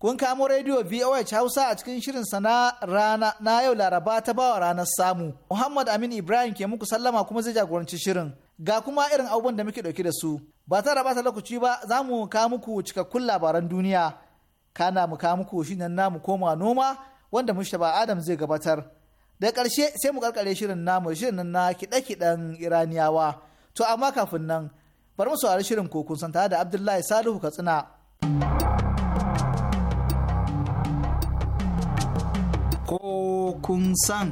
kun kamo rediyo VOH Hausa a cikin shirin sana rana na yau Laraba ta bawa ranar samu. Muhammad Amin Ibrahim ke muku sallama kuma zai jagoranci shirin. Ga kuma irin abubuwan da muke dauke da su. Ba ta raba ta lokaci ba za mu ka muku cikakkun labaran duniya. Kana mu ka muku shi nan namu koma noma wanda Mustapha Adam zai gabatar. Da ƙarshe sai mu karkare shirin namu shirin nan na kiɗe-kiɗen Iraniyawa. To amma kafin nan bar mu saurari shirin kokun santa da Abdullahi Salihu Katsina. ko kun san.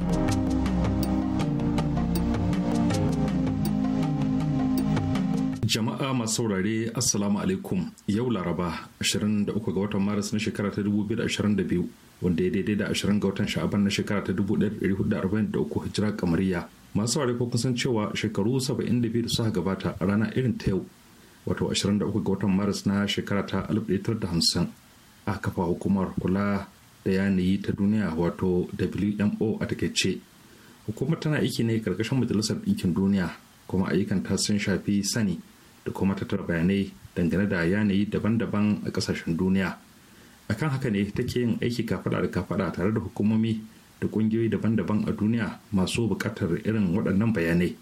Jama'a masu saurare Assalamu alaikum yau Laraba 23 ga watan Maris na shekara ta 2022 wanda ya daidai da 20 ga watan Sha'aban na shekara ta 1443 hijira kamariya. Masu saurare ko kusan cewa shekaru 72 da suka gabata a rana irin ta yau wato 23 ga watan Maris na shekara ta 1950 a kafa hukumar kula da yanayi ta duniya wato wmo a takaice hukumar tana aiki ne karkashin majalisar ɗinkin duniya kuma ayyukan ta sun shafi sani da kuma tattara bayanai dangane da yanayi daban-daban a ƙasashen duniya akan haka ne take yin aiki kafaɗa da kafaɗa tare da hukumomi da ƙungiyoyi daban-daban a duniya masu buƙatar irin waɗannan bayanai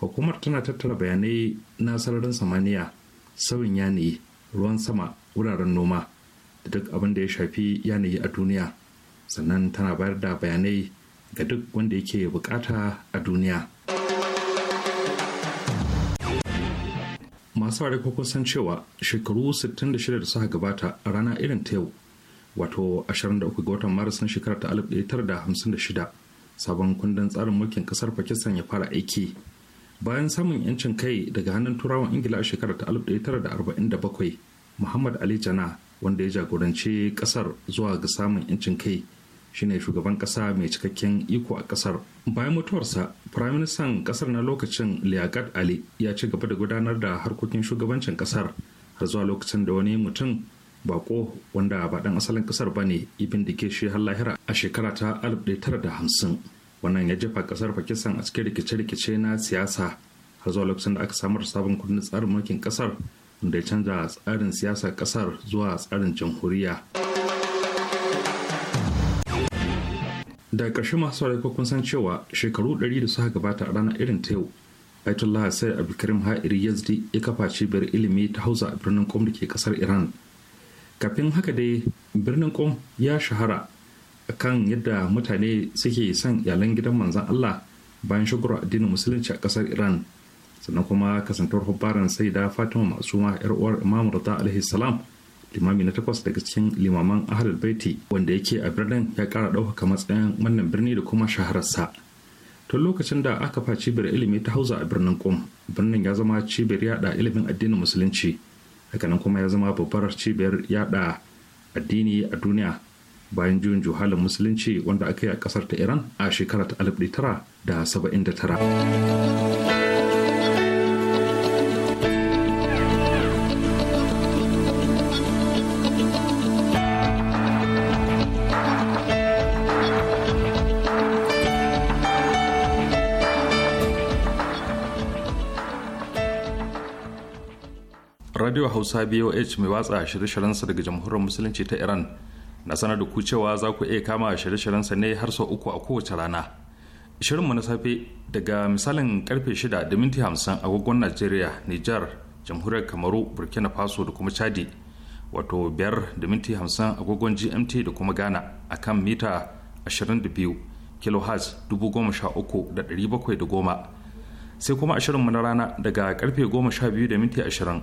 hukumar tana tattara bayanai na sararin samaniya sauyin yanayi ruwan sama wuraren noma da duk abin da ya shafi yanayi a duniya sannan tana bayar da bayanai ga duk wanda yake bukata a duniya masu ware ko san cewa shekaru 66 da suka gabata a rana irin ta yau wato 23 ga watan maris na shekarar ta 1956 sabon kundin tsarin mulkin kasar pakistan ya fara aiki bayan samun yancin kai daga hannun turawan ingila a shekarar ta 1947 muhammad ali jana wanda ya jagoranci kasar zuwa ga samun 'yancin kai shine shugaban kasa mai cikakken iko a kasar bayan mutuwarsa firaministan kasar na lokacin liyakat ali ya ci gaba da gudanar da harkokin shugabancin kasar har zuwa lokacin da wani mutum bako wanda ba dan asalin kasar ba ne ibin shi har lahira a shekara ta 1950 wannan ya jefa kasar pakistan a cikin rikice-rikice na siyasa har zuwa lokacin da aka samar sabon kundin tsarin mulkin kasar da ya canza tsarin siyasar kasar zuwa tsarin jamhuriya da ƙarshe masu rai kun san cewa shekaru 100 da suka gabata a ranar irin ta yau Aitullah Sayyid Abdulkarim Ha'iri Yazdi ya kafa cibiyar ilimi ta Hausa a birnin Qom da ke kasar Iran. Kafin haka dai birnin Qom ya shahara kan yadda mutane suke son iyalan gidan manzan Allah bayan shigar addinin musulunci a kasar Iran. sannan kuma kasantar hubbaran sai da fatima masu ma yar uwar imam rata alaihi salam limami na takwas daga cikin limaman ahlul baiti wanda yake a birnin ya kara ɗaukaka matsayin wannan birni da kuma shahararsa tun lokacin da aka fa cibiyar ilimi ta hauza a birnin kum birnin ya zama cibiyar yada ilimin addinin musulunci hakanan kuma ya zama babbar cibiyar yada addini a duniya bayan juyin juhalin musulunci wanda aka yi a kasar ta iran a shekarar 1979 radio hausa boh mai watsa shirye sa daga jamhuriyar musulunci ta iran na sanar da ku cewa za ku iya kama shirye sa ne har sau uku a kowace rana mu na safe daga misalin karfe 6 da minti 50 agogon najeriya nijar jamhuriyar kamaru burkina faso da kuma chadi wato 5 da minti 50 agogon gmt da kuma ghana a kan mita 22 kilohertz 13710 sai kuma mu na rana daga karfe goma sha biyu da minti ashirin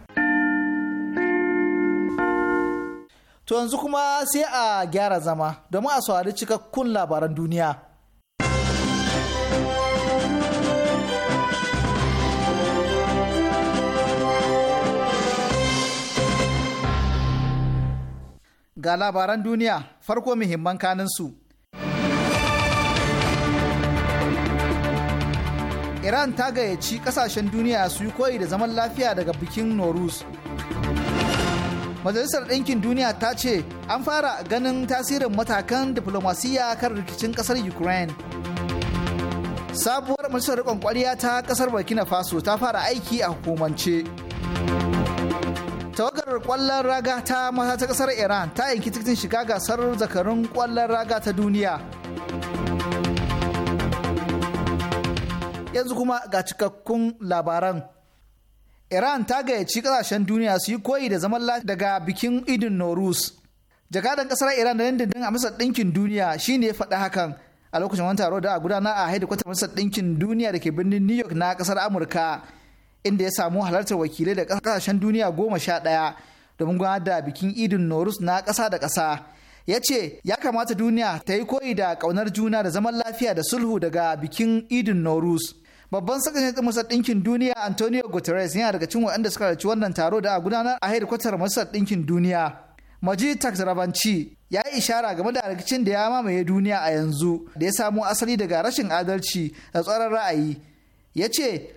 To yanzu kuma sai a gyara zama domin a saurari cikakkun labaran duniya. Ga labaran duniya farko muhimman kaninsu. Iran ta gayyaci kasashen duniya su yi koyi da zaman lafiya daga bikin Nor'us. majalisar ɗinkin duniya ta ce an fara ganin tasirin matakan diflomasiyya kan rikicin ƙasar ukraine sabuwar majalisar rikon ƙwariya ta ƙasar burkina faso ta fara aiki a hukumance tawagar ƙwallon raga ta mata ta ƙasar iran ta yanki tikitin shiga gasar zakarun ƙwallon raga ta duniya yanzu kuma ga cikakkun labaran Iran ta gayyaci kasashen duniya su yi koyi da zaman lafiya daga bikin idin Norus. Jakadan kasar Iran da dindindin a Masar Ɗinkin Duniya shine ya faɗi hakan a lokacin wani taro da a gudana a hedikwatar Masar Dinkin Duniya da ke birnin New York na kasar Amurka inda ya samu halartar wakilai da kasashen duniya goma sha ɗaya domin gudanar da bikin idin Norus na ƙasa da ƙasa. Ya ce ya kamata duniya ta yi koyi da ƙaunar juna da zaman lafiya da sulhu daga bikin idin Norus. babban sakataren masar ɗinkin duniya antonio guterres yana daga cikin waɗanda suka rarci wannan taro da a gudanar a hedikwatar masar ɗinkin duniya maji taksarabanci ya yi ishara game da rikicin da ya mamaye duniya a yanzu da ya samo asali daga rashin adalci da tsaron ra'ayi ya ce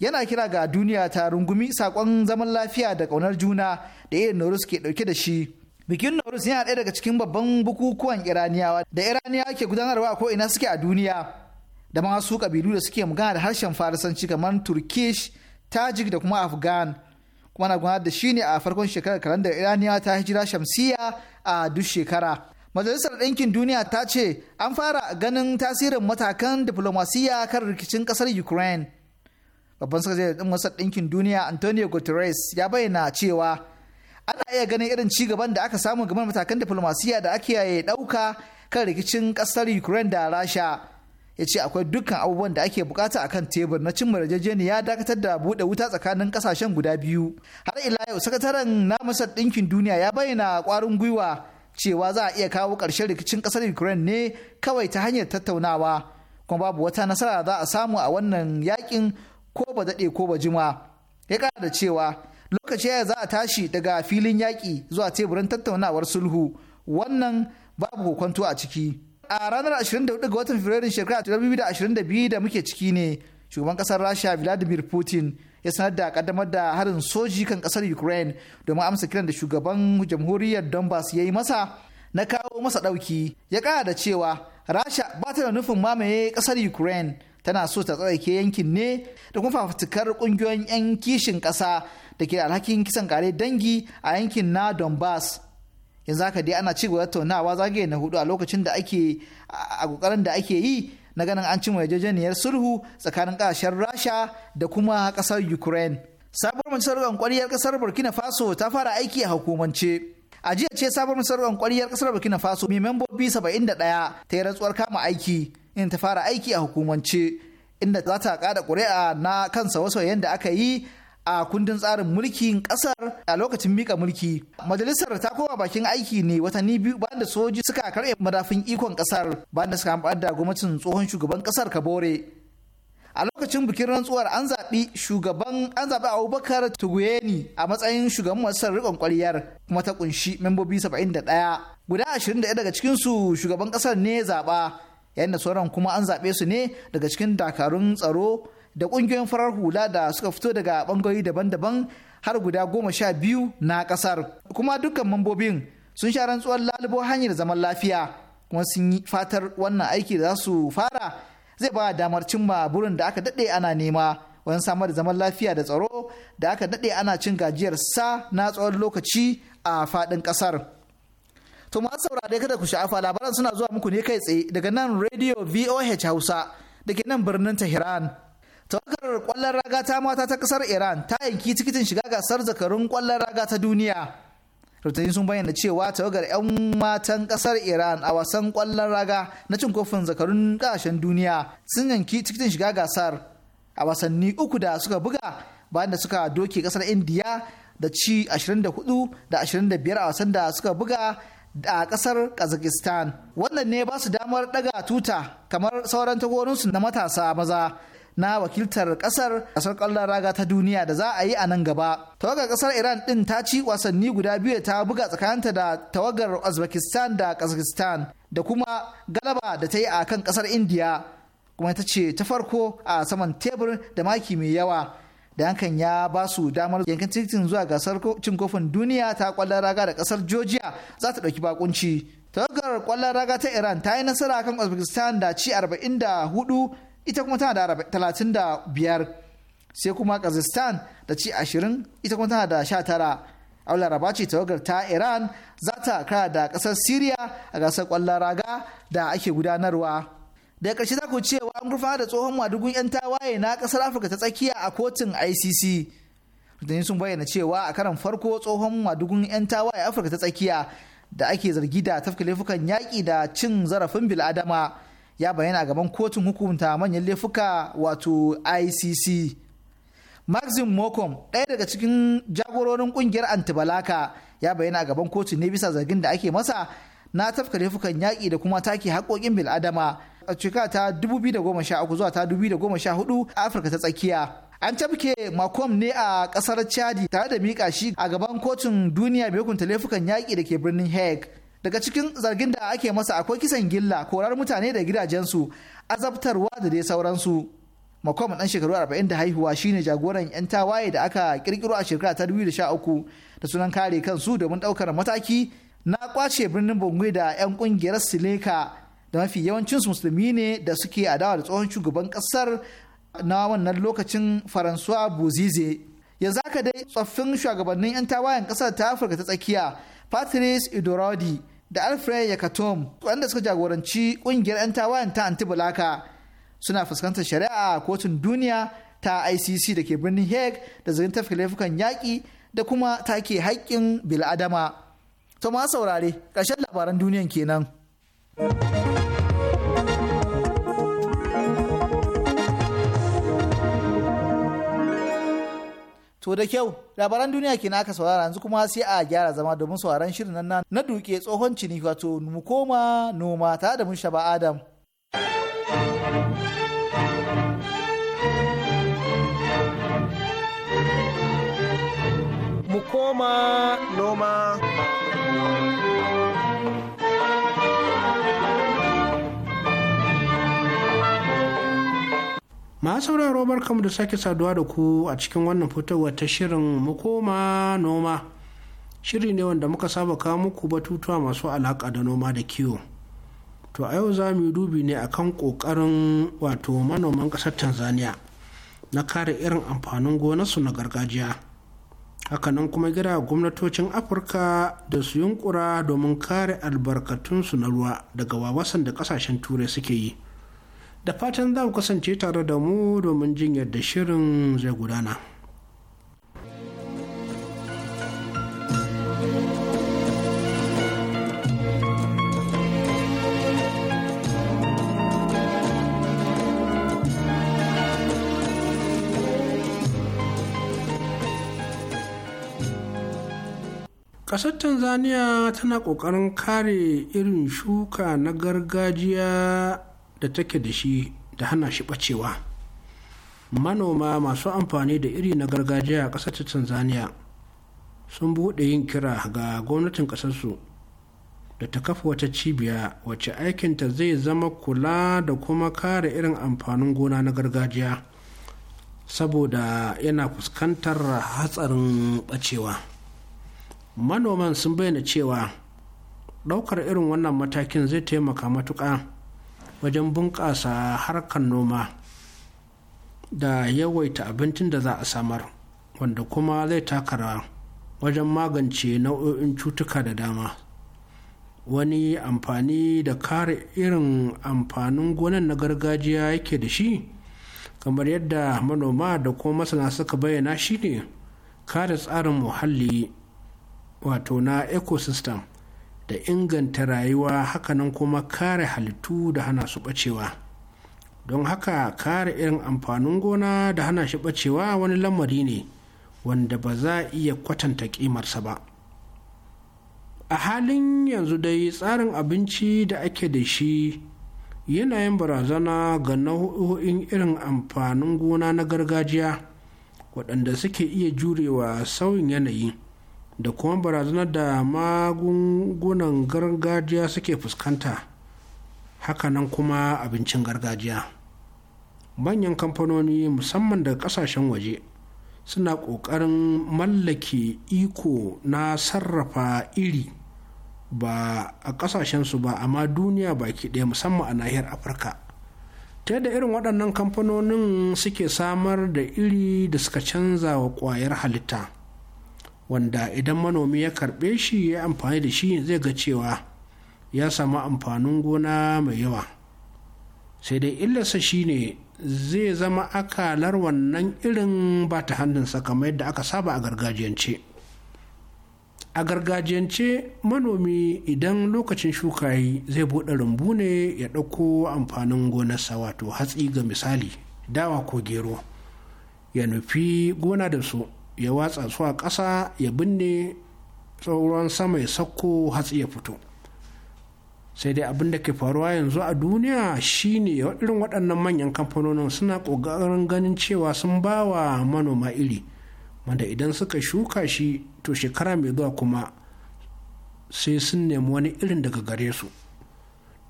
yana kira ga duniya ta rungumi saƙon zaman lafiya da ƙaunar juna da irin norus ke ɗauke da shi bikin norus yana ɗaya daga cikin babban bukukuwan iraniyawa da iraniyawa ke gudanarwa ko ina suke a duniya da masu kabilu da suke magana da harshen farisanci kamar turkish tajik da kuma afghan kuma na gudanar da shi ne a farkon shekarar kalandar iraniya ta hijira shamsiya a duk shekara majalisar ɗinkin duniya ta ce an fara ganin tasirin matakan diflomasiyya kan rikicin ƙasar ukraine babban sakatare ɗin wasan ɗinkin duniya antonio guterres ya bayyana cewa ana iya ganin irin ci gaban da aka samu game matakan diflomasiyya da ake ɗauka kan rikicin ƙasar ukraine da rasha ya ce akwai dukkan abubuwan da ake bukata akan tebur na cimma yarjejeniya dakatar da buɗe wuta tsakanin ƙasashen guda biyu har ila yau sakataren na masar ɗinkin duniya ya bayyana kwarin gwiwa cewa za a iya kawo ƙarshen rikicin ƙasar ukraine ne kawai ta hanyar tattaunawa kuma babu wata nasara za a samu a wannan yakin ko ba daɗe ko ba jima ya ƙara da cewa lokaci ya za a tashi daga filin yaƙi zuwa teburin tattaunawar sulhu wannan babu hukunto a ciki a ranar 24 ga watan Fabrairu shekarar 2022 da muke ciki ne shugaban kasar Rasha Vladimir Putin ya sanar da kaddamar da harin soji kan kasar Ukraine domin amsa kiran da shugaban jamhuriyar Donbass ya yi masa na kawo masa ɗauki ya kara da cewa Rasha ba ta da nufin mamaye kasar Ukraine tana so ta tsarake yankin ne da kuma fafutukar kungiyoyin 'yan kishin ƙasa da ke alhakin kisan kare dangi a yankin na Donbass. yanzu haka dai ana ci gaba tattaunawa zagaye na hudu a lokacin da ake a kokarin da ake yi na ganin an cimma yarjejeniyar sulhu tsakanin kasashen rasha da kuma kasar ukraine sabuwar masarautar kwariyar kasar burkina faso ta fara aiki a hukumance a jiya ce sabuwar masarautar kwariyar kasar burkina faso mai membobi 71 ta yi rantsuwar kama aiki in ta fara aiki a hukumance inda za ta kada ƙuri'a na kan sauye-sauyen da aka yi a kundin tsarin mulkin kasar a lokacin mika mulki majalisar ta koma bakin aiki ne watanni biyu bayan da soji suka karɓe madafin ikon kasar bayan da suka amfani da gwamnatin tsohon shugaban kasar kabore a lokacin bikin rantsuwar an zaɓi shugaban an zaɓi abubakar tuguyeni a matsayin shugaban masar riƙon ƙwariyar kuma ta ƙunshi membobi 71 guda 21 daga cikinsu shugaban kasar ne zaɓa yayin da sauran kuma an zaɓe su ne daga cikin dakarun tsaro da ƙungiyoyin farar hula da suka fito daga bangarori daban-daban har guda goma sha biyu na ƙasar kuma dukkan mambobin sun sha rantsuwar lalubo hanyar zaman lafiya kuma sun yi fatar wannan aiki da za su fara zai ba damar cimma burin da aka daɗe ana nema wajen samar da zaman lafiya da tsaro da aka daɗe ana cin gajiyar sa na tsawon lokaci a faɗin ƙasar. To masu saurare kada ku sha'afa labaran suna zuwa muku ne kai tsaye daga nan Radio VOH Hausa da ke nan birnin Tehran. tawagar kwallon raga ta mata ta kasar iran ta yanki tikitin shiga gasar zakarun kwallon raga ta duniya rutani sun bayyana cewa tawagar 'yan matan kasar iran a wasan kwallon raga na cin kofin zakarun kasashen duniya sun yanki tikitin shiga gasar a wasanni uku da suka buga bayan da suka doke kasar indiya da ci 24 da 25 a wasan da suka buga a kasar kazakistan wannan ne ba su damar daga tuta kamar sauran tagorinsu na matasa maza na wakiltar kasar kasar kwallon raga ta duniya da za a yi a nan gaba. Tawagar kasar Iran din ta ci wasanni guda biyu da ta buga tsakaninta da tawagar Uzbekistan da Kazakhstan da kuma galaba da ta yi a kan kasar India kuma ta ce ta farko a saman tebur da maki mai yawa. da hankan ya ba su damar yankin titin zuwa gasar cin kofin duniya ta kwallon raga da kasar Georgia za ta ɗauki bakunci. tawagar kwallon raga ta iran ta yi nasara kan uzbekistan da ci 44 ita kuma tana da talatin biyar sai kuma kazakhstan da ci ashirin ita kuma tana da sha tara a laraba ce tawagar ta iran za ta kara da kasar syria a gasar kwallon raga da ake gudanarwa da ƙarshe za ku cewa an gurfa da tsohon madugun 'yan tawaye na kasar afirka ta tsakiya a kotun icc rudani sun bayyana cewa a karan farko tsohon madugun 'yan tawaye afirka ta tsakiya da ake zargi da tafka laifukan yaƙi da cin zarafin bil'adama ya bayyana gaban kotun hukunta manyan laifuka wato icc maxim mokom ɗaya daga cikin jagororin ƙungiyar antibalaka ya bayyana gaban kotun ne bisa zargin da ake masa na tafka laifukan yaƙi da kuma take haƙoƙin bil'adama a cika ta 2013 zuwa ta 2014 a afirka ta tsakiya an tafke makom ne a ƙasar chadi tare da miƙa shi a gaban kotun duniya mai hukunta laifukan yaƙi da ke birnin hague daga cikin zargin da ake masa akwai kisan gilla korar mutane da gidajensu azabtarwa da dai sauransu makwam dan shekaru 40 da haihuwa shine jagoran yan tawaye da aka kirkiro a shekara ta 2013 da sunan kare kansu domin daukar mataki na kwace birnin Bangui da yan kungiyar Sileka da mafi yawancin musulmi ne da suke adawa da tsohon shugaban kasar na wannan lokacin Faransuwa Bozize yanzu haka dai tsoffin shugabannin yan tawayen kasar ta Afirka ta tsakiya Patrice Idorodi da alfred yakatom waɗanda suka jagoranci ƙungiyar 'yan tawayen ta Antibalaka suna fuskantar shari'a a kotun duniya ta icc da ke birnin hague da zirin tafi laifukan yaƙi da kuma take haƙƙin bil'adama to ma saurare ƙarshen labaran duniyan kenan. To da kyau, labaran duniya ke aka saurara yanzu kuma sai a gyara zama domin sauraron shirin nan na duke tsohon cini wato mu koma noma tare da mun shaba Adam. Mu koma noma. ma sauraro barkamu da sake saduwa da ku a cikin wannan fitowa ta shirin mukoma noma shiri ne wanda muka saba kawo muku batutuwa masu alaƙa da noma da kiwo to a yau za mu yi dubi ne akan ƙoƙarin wato manoman ƙasar tanzania na kare irin amfanin gonarsu na gargajiya hakanan kuma gira gwamnatocin afirka da su yunkura domin kare albarkatunsu na ruwa daga wawasan da ƙasashen turai suke yi da fatan za ku kasance tare da mu domin jin yadda shirin zai gudana. Ƙasar Tanzania tana ƙoƙarin kare irin shuka na gargajiya da take da shi da hana shi bacewa manoma masu amfani da iri na gargajiya a ƙasar tanzania sun buɗe yin kira ga gwamnatin ƙasarsu da ta kafa wata cibiya wacce aikinta zai zama kula da kuma kare irin amfanin gona na gargajiya saboda yana fuskantar hatsarin bacewa manoman sun bayyana cewa ɗaukar irin wannan matakin zai taimaka matuƙa wajen bunƙasa harkar noma da yawaita abincin da za a samar wanda kuma zai takara wajen magance nau'o'in cutuka da dama wani amfani da kare irin amfanin gonan na gargajiya yake da shi kamar yadda manoma da kuma masana suka bayyana shi ne? kare tsarin muhalli wato na ecosystem da inganta rayuwa hakanan kuma kare halittu da hana su bacewa don haka kare irin amfanin gona da hana shi bacewa wani lamari ne wanda ba za a iya kwatanta kimarsa ba a halin yanzu dai tsarin abinci da ake da shi yanayin barazana ga nau'o'in irin amfanin gona na gargajiya waɗanda suke iya jurewa sauyin yanayi da kuma barazanar da magungunan gargajiya suke fuskanta hakanan kuma abincin gargajiya manyan kamfanoni musamman daga kasashen waje suna ƙoƙarin mallake iko na sarrafa iri ba a su ba amma duniya baki ɗaya musamman a nahiyar afirka ta da irin waɗannan kamfanonin suke samar da iri da suka canza wa ƙwayar halitta wanda idan manomi ya karɓe shi ya amfani da shi zai ga cewa ya samu amfanin gona mai yawa sai dai illarsa shine zai zama akalar wannan irin ba ta hannunsa kamar yadda aka saba a gargajiyance a gargajiyance manomi idan lokacin shuka yi zai buɗe rumbu ne ya ɗauko amfanin gonarsa wato hatsi ga misali dawa ko gero ya nufi gona da su ya watsa su a ƙasa ya binne tsoron sama ya sakko hatsi ya fito sai dai abin da ke faruwa yanzu a duniya shine irin waɗannan manyan kamfanonin suna ƙoƙarin ganin cewa sun ba wa manoma iri wanda idan suka shuka shi to shekara mai zuwa kuma sai sun nemi wani irin daga gare su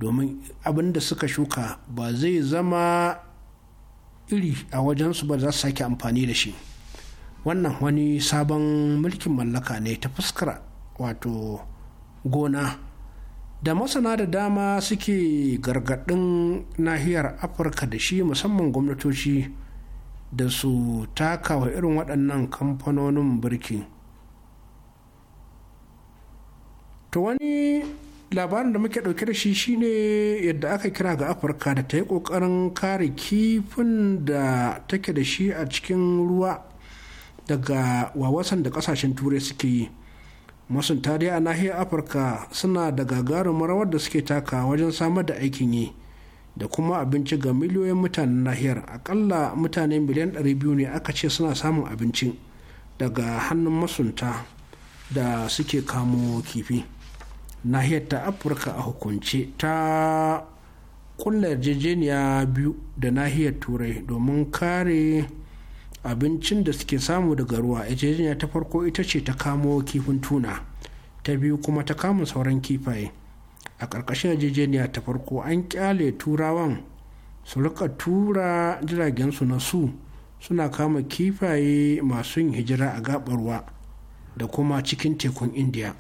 domin abin da suka shuka ba zai zama iri a wajensu ba za su sake amfani da shi. wannan wani sabon mulkin mallaka ne ta fuskar wato gona da masana da dama suke gargaɗin nahiyar afirka da shi musamman gwamnatoci da su taka wa irin waɗannan kamfanonin birki to wani labarin da muke ɗauke da shi shine yadda aka kira ga afirka da ta yi ƙoƙarin kare kifin da take da shi a cikin ruwa daga wawasan da kasashen turai suke yi masunta dai a nahiyar afirka suna da gagarumin rawar da suke taka wajen samar da aikin yi da kuma abinci ga miliyoyin mutanen nahiyar akalla mutane miliyan 200 ne aka ce suna samun abinci daga hannun masunta da suke kamo kifi nahiyar ta afirka a hukunce ta kulla yarjejeniya biyu da nahiyar turai domin kare abincin da suke samu daga ruwa yarjejeniya ta farko ita ce ta kamo kifin tuna ta biyu kuma ta kama sauran kifaye a ƙarƙashin yarjejeniya ta farko an ƙyale turawan su rika tura jiragensu na su suna kama kifaye masu yin hijira a gaɓar ruwa da kuma cikin tekun indiya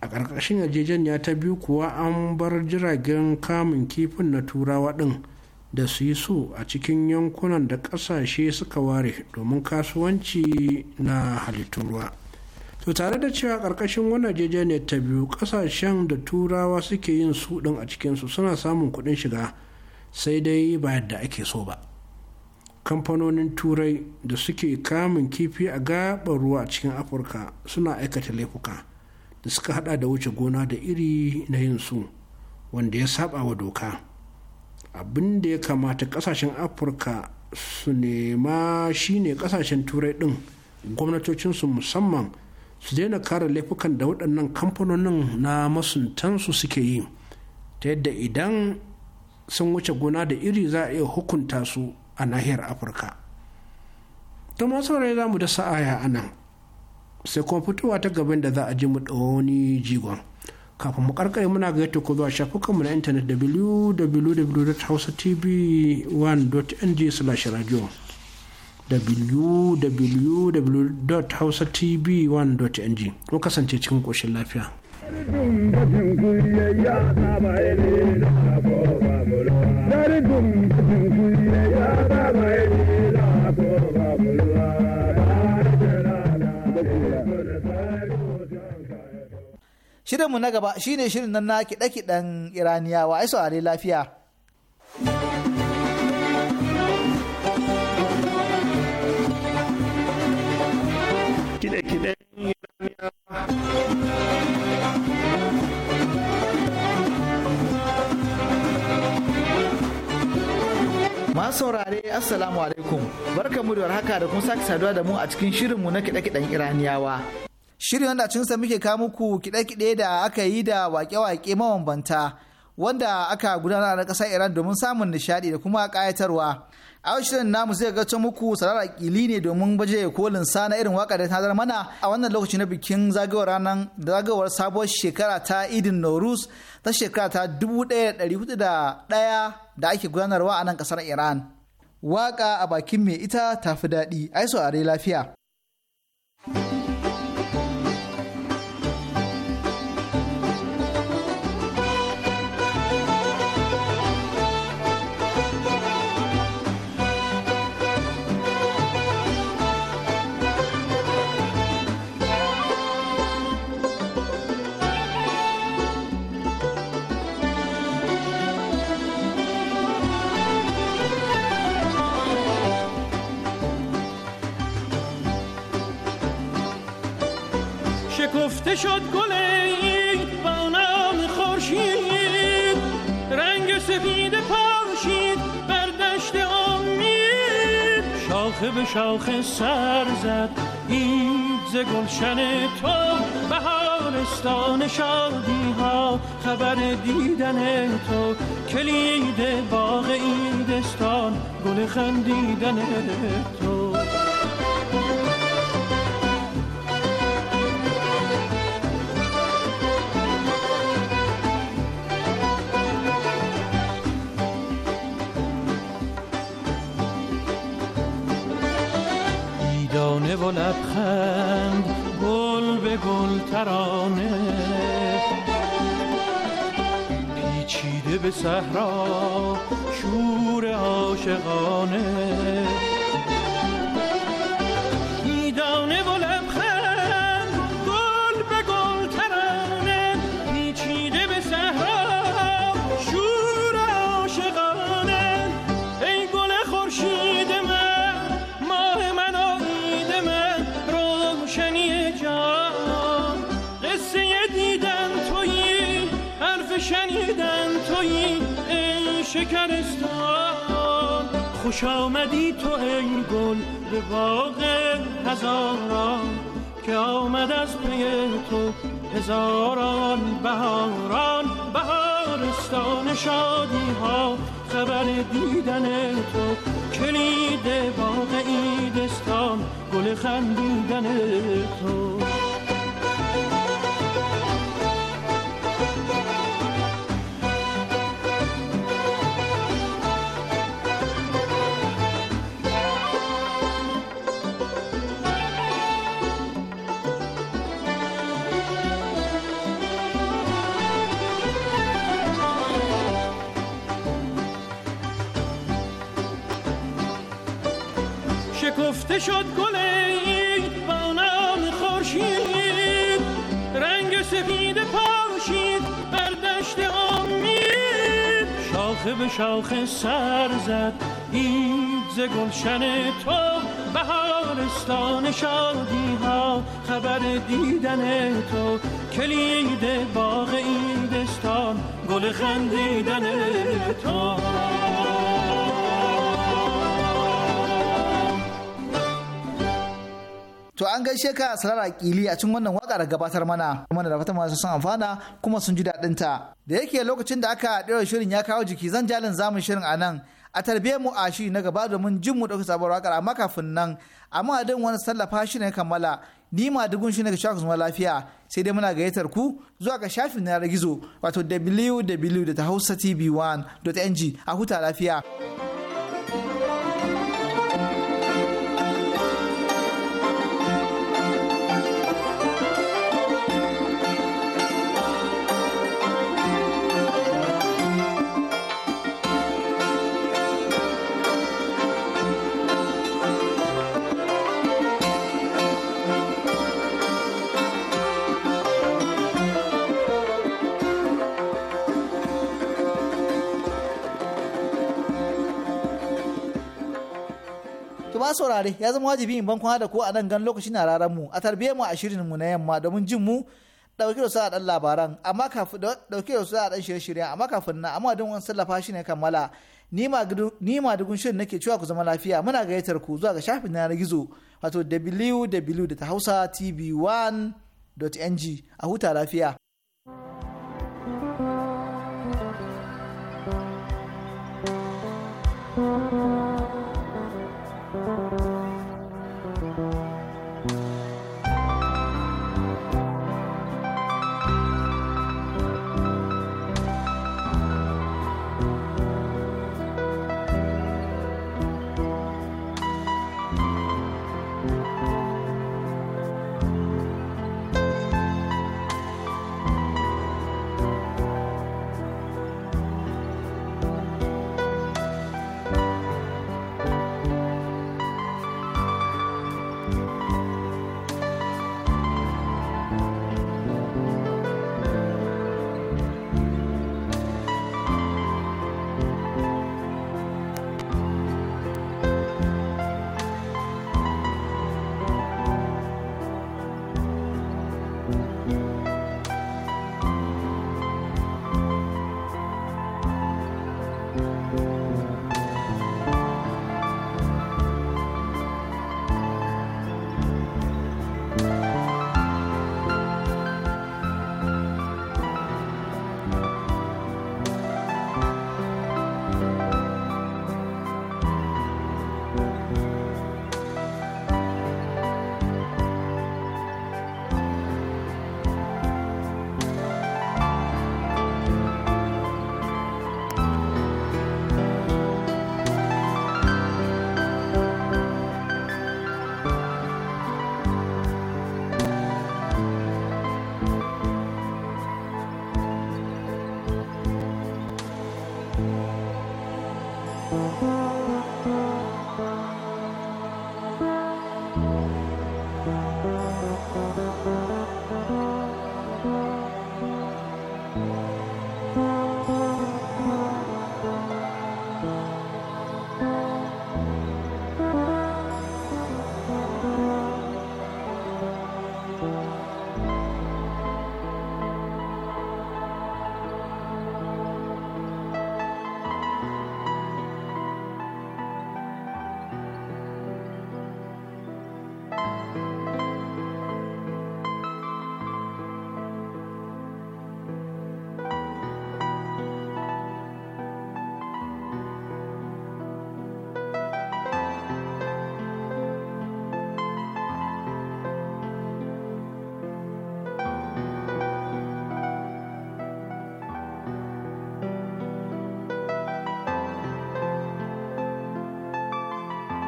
a ƙarƙashin yarjejeniya ta biyu kuwa an bar jiragen kamun kifin na turawa ɗin da su yi so a cikin yankunan da ƙasashe suka ware domin kasuwanci na halittun ruwa to tare da cewa ƙarƙashin wannan ne ta biyu ƙasashen da turawa suke yin su ɗin a cikinsu suna samun kuɗin shiga sai dai ba yadda ake so ba kamfanonin turai da suke kamun kifi a gaɓar ruwa a cikin afirka suna aikata laifuka da suka hada da wuce gona da iri na yin su wanda ya saba wa doka abin da ya kamata kasashen afirka su nema shine kasashen turai din su musamman su daina kare laifukan da waɗannan kamfanonin na masuntansu suke yi ta yadda idan sun wuce gona da iri za a iya hukunta su a nahiyar afirka ta masu rai za mu da sa'aya a nan sai kuma fitowa ta gaban da za a ji mu wani jigon kafin mu karkare muna ga yadda ku zuwa shafukanmu na intanet www.hausatv1.ng/radio www.hausatv1.ng ko kasance cikin koshin lafiya. Dari dum ya Shirinmu na gaba shine shirin nan na kiɗe-kiɗen Iraniyawa, ai saurare lafiya. saurare assalamu alaikum barkamu da warhaka da kun sake saduwa da mu a cikin shirinmu na kiɗe-kiɗen iraniyawa Shirin wanda cin sa muke kawo muku kiɗe-kiɗe da aka yi da waƙe-waƙe mabambanta wanda aka gudanar na ƙasar Iran domin samun nishaɗi da kuma ƙayatarwa. A shirin namu zai ga muku sarara ƙili ne domin baje kolin sa na irin waka da ta mana a wannan lokaci na bikin zagawar ranar zagawar sabuwar shekara ta Idin Norus ta shekara ta 1401 da ake gudanarwa a nan ƙasar Iran. Waka a bakin mai ita tafi daɗi, ai saurare lafiya. شکفته شد گل این با نام خورشید رنگ سفید پاشید بر دشت امید شاخه به شاخه سر زد این ز گلشن تو بهارستان شادی ها خبر دیدن تو کلید باغ این دستان گل خندیدن تو ترانه و لبخند گل به گل ترانه پیچیده به صحرا شور عاشقانه شنیدن توی شکرستان خوش آمدی تو ای گل به باغ هزاران که آمد از پی تو هزاران بهاران بهارستان شادی ها خبر دیدن تو کلید باغ ایدستان گل خندیدن تو شد گل عید بانان خورشید رنگ سفید پاشید بر دشت امید شاخه به شاخه سر زد این ز گلشن تو بهارستان شادی ها خبر دیدن تو کلید باغ این دستان گل خندیدن تو To an gaishe ka sarara kili a cikin wannan waka da gabatar mana kuma da fatan masu sun amfana kuma sun ji daɗin ta. Da yake lokacin da aka ɗaura shirin ya kawo jiki zan jalin zamun shirin a nan a tarbiye mu a shi na gaba domin jin mu ɗauki sabuwar waka amma kafin nan amma din wani sallafa shi ne kammala ni ma dugun shi ne ga shakus lafiya sai dai muna gayyatar ku zuwa ga shafin na gizo wato www.hausatv1.ng a huta lafiya. ma saurare ya zama wajibi in ban kwana da ku a nan gan lokaci na raran mu a tarbiyyar mu a shirin mu na yamma domin jin mu dauke da su a dan labaran amma kafin dauke da su a dan shirye-shirye amma kafin na amma don wani sallafa shi ne kammala ni ma dugun shirin nake cewa ku zama lafiya muna gayyatar ku zuwa ga shafin na gizo wato www.hausatv1.ng a huta lafiya. thank you Thank you. Thank you.